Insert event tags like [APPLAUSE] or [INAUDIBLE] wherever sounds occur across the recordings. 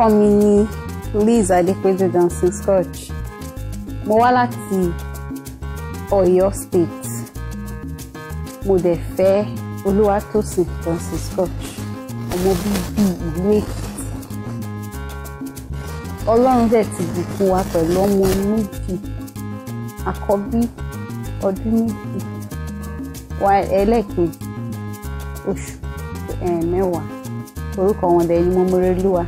Orúkọ mi ni Liz Adepeju Johnson Scott. Mo wá láti Ọ̀yọ́ State. Mo dẹ̀ fẹ́ Olúwatósìn Johnson Scott. Ọmọ bíbí ìlú Èkìtì. Ọlọ́run dẹ̀ ti bùkún wa pẹ̀lú ọmọ méjì àkọ́bí ọdún méjì wa ẹlẹ́ẹ̀kejì oṣù mẹ́wàá orúkọ wọn dẹ̀ ni Mọ́mọ́rẹ́lúwa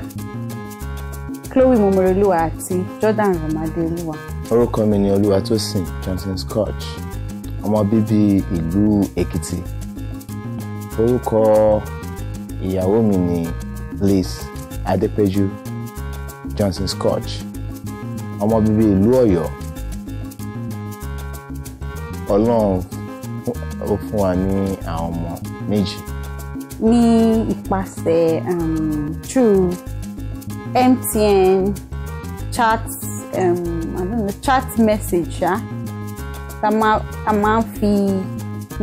chloe momoroluwa àti jordan romadeoluwa. orúkọ mi ni olúwatósìn johnson scotch ọmọ bíbí ìlú èkìtì orúkọ ìyàwó mi ni bliss Adepeju. johnson scotch ọmọ bíbí ìlú ọ̀yọ́ ọlọ́run ó fún wa ní àwọn ọmọ méjì. ní ipasẹ̀ um, true MTN chat um, I don't know, chat message Ah, tá a máa ń fi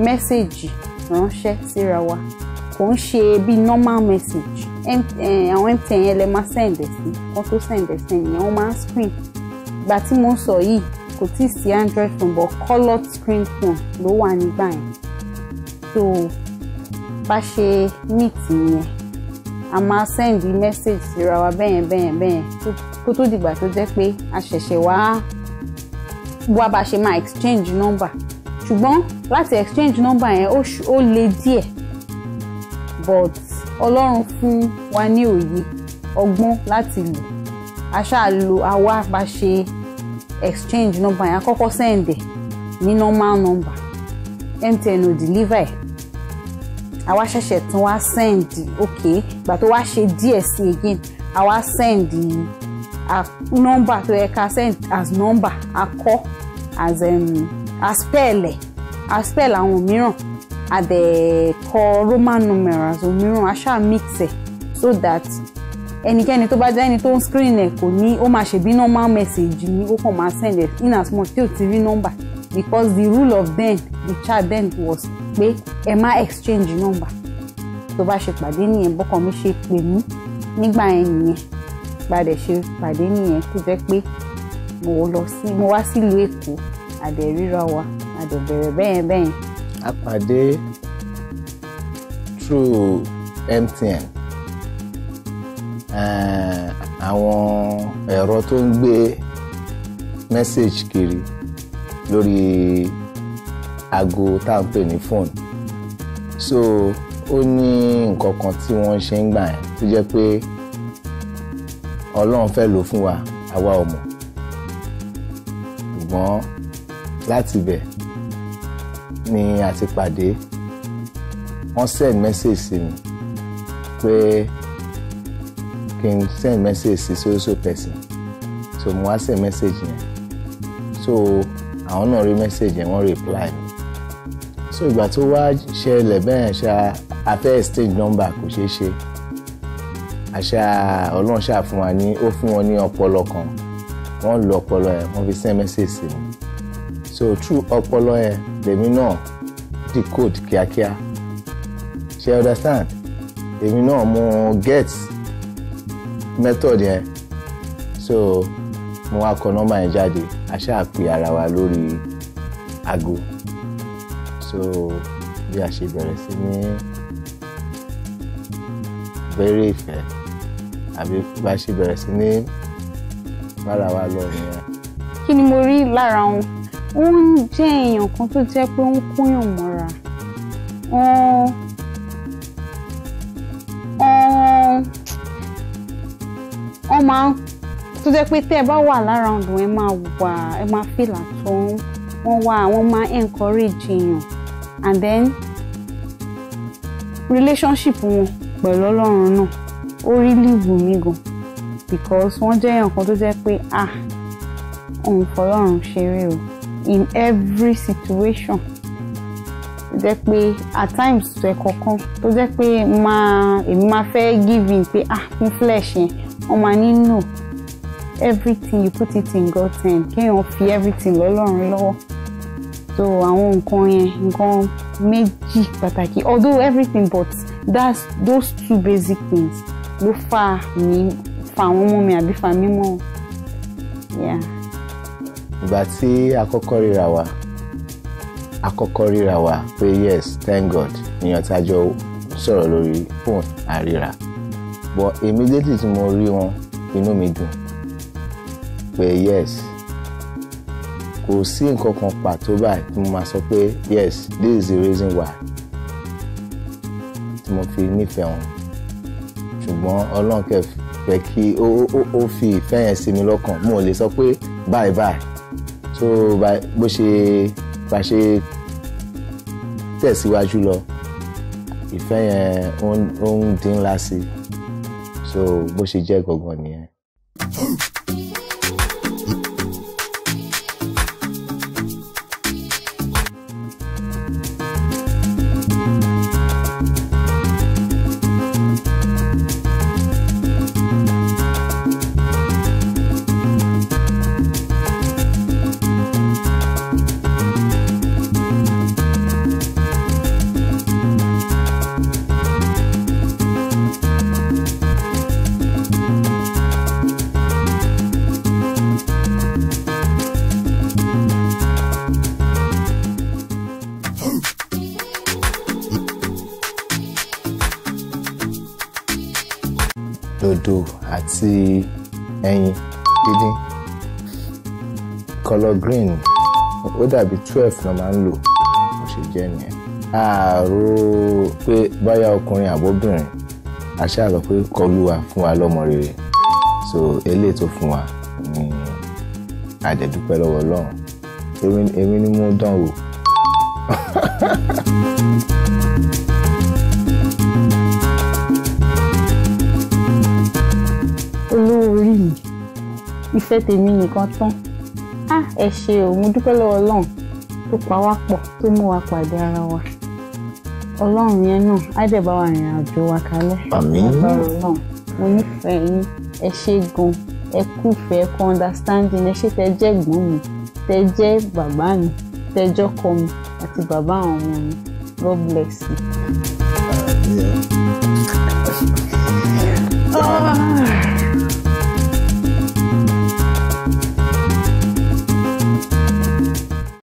mẹ́sẹ̀gì ránṣẹ́ síra wa kò ń ṣe bí normal message eh, àwọn MTN yẹn lè máa send ẹ̀ sí wọ́n tó send ẹ̀ sí wọ́n máa screen ìgbà tí mo sọ yìí kò tí ì sí Android phone but colored screen phone ló wà nígbà yẹn so bá ṣe meet yẹn a máa send message síra wa bẹ́yẹn bẹ́yẹn bẹ́yẹn kó tó dìgbà tó jẹ́ pé a ṣẹ̀ṣẹ̀ wá wá bá a ṣe máa exchange number ṣùgbọ́n láti exchange number yẹn ó le díẹ̀ but ọlọ́run fún wa ní òye ọgbọ́n láti lò a ṣáà lo àwa bá ṣe exchange number yẹn a kọ́kọ́ send ní normal number MTN ò deliver ẹ̀ àwa ṣẹ̀ṣẹ̀ tún wá send ok ìgbà tó wá ṣe díẹ̀ sí again àwa send nọ́mbà tó yẹ ká send as nọ́mbà akọ as um, aspẹ̀lẹ̀ aspẹ̀lẹ̀ àwọn mìíràn àdẹ̀kọ roman numerals òmíràn aṣá mix ẹ̀ so that ẹnikẹ́ni tó bá jẹ́ ẹni tó ń screen ẹ̀ kò ní ó máa ṣe bí normal message ni ó kàn máa send it in as much tí ò ti rí nọ́mbà because the rule of then the child then was pé ẹ má exchange number tó bá ṣe pàdé nìyẹn bọ́kọ mi ṣe pè mí nígbà yẹn nìyẹn gbàdẹ̀ ṣe pàdé nìyẹn tó jẹ́ pé mo lọ sí mo wá sílùú èkó àdẹ̀ ríra wa àdẹ̀ bẹ̀rẹ̀ bẹ́yẹn bẹ́yẹn. a pàdé through MTN eh, àwọn ẹ̀rọ tó ń gbé message kiri lórí aago tá à ń pè ní phone so ó ní nǹkan kan tí wọ́n ṣe ń gbà yẹn tó jẹ́ pé ọlọ́run fẹ́ lò fún wa àwa ò mọ̀ ṣùgbọ́n láti bẹ̀ ni a ti pàdé wọ́n send message sí mi pé kí n send message sí so person so mo wá send message yẹn so àwọn náà rí message yẹn wọ́n reply mi so ìgbà tó wá ṣẹlẹ̀ bẹ́ẹ̀ ṣá afẹ́ stage number kò ṣeé ṣe àṣà ọlọ́run ṣáà fún wa ní ó fún wọn ní ọpọlọ kan wọ́n lo ọpọlọ yẹn wọ́n fi send message sí mi so through ọpọlọ yẹn lèmi náà decode kíákíá ṣe understand èmi náà mo get method yẹn so mo wá kọ nọ́mbà yẹn jáde àṣà pè ara wa lórí aago so bí a ṣe bẹ̀rẹ̀ sí ní bẹ̀rẹ̀ ìfẹ́ àbí bá a ṣe bẹ̀rẹ̀ sí ní bára wa lọ nìyẹn. kí ni mo rí lára wọn wọn ń jẹ́ èèyàn kan tó jẹ́ pé ń kóyàn mọ́ra wọn wọn máa ń tó jẹ́ pé tẹ́ ẹ bá wà lára ọ̀dùn ẹ máa wà ẹ máa fìlà tó wọ́n wà wọ́n máa encourage èèyàn and then relationship wọn pẹ̀lú ọlọ́run náà ó rí líìbù mi gan because wọ́n jẹ́ èèyàn kan tó jẹ́ pé ah òun fọlọ́run ṣeré o in every situation tó jẹ́ pé at times ẹ̀kọ̀ọ̀kan tó jẹ́ pé máa èmi máa fẹ́ give in pé ah fún flesh yẹn wọ́n máa ní no everything you put it in God's hand kéèyàn fi everything lọ́lọ́run lọ́wọ́. Lo so àwọn nǹkan yẹn nǹkan méjì pàtàkì although everything but that's those two basic things ló fà mí fà àwọn ọmọ mi àbí fà mí mọ́ yeah. ìgbà tí a kọ́kọ́ ríra wa a kọ́kọ́ ríra wa pé yes thank god èèyàn tá a jọ sọ̀rọ̀ lórí fóònù àríra but immediately tí mo rí wọn inú mi dùn pé yes kò sí nǹkan kan pàtó báyìí tí mo máa sọ pé yes this is the reason why tí mo fi nífẹ̀ẹ́ wọn ṣùgbọ́n ọlọ́run kẹ́ fẹ́ kí ó ó fi ìfẹ́ yẹn sí mi lọ́kàn mo lè sọ pé bye bye so bó ṣe bá ṣe tẹ̀síwájú lọ ìfẹ́ yẹn ó ń dín ńlá sí so bó ṣe jẹ́ gangan nìyẹn. dòdò àti ẹyin dídín color green ó dàbí twelve ló máa ń lò bó ṣe jẹ́ nìyẹn ààrò pé báyà ọkùnrin àbóbìnrin àṣà àlọ́ pé kọlùwà fún wa lọ́mọ rere so eléyìí tó fún wa ni àjẹ̀dúpẹ́ lọ́wọ́ ọlọ́run èmi ni mo dán wò. [LAUGHS] ti tèmi nìkan tán ah ẹ ṣe o dúpẹ́ lọ́wọ́ ọlọ́run tó pa wá pọ̀ tó mú wa pàdé ara wa ọlọ́run yẹn náà á dẹ̀ bá wa rìnrìn àjò wa kalẹ̀ àmín ọlọ́run mo nífẹ̀ẹ́ yín ẹ ṣe gan ẹ kúfẹ̀ẹ́ kọ understanding ẹ ṣe tẹ jẹ́ ẹ̀gbọ́n mi tẹ jẹ́ bàbá mi tẹ jọ́kọ mi àti bàbá àwọn ọmọ mi God bless you. Yeah. Oh.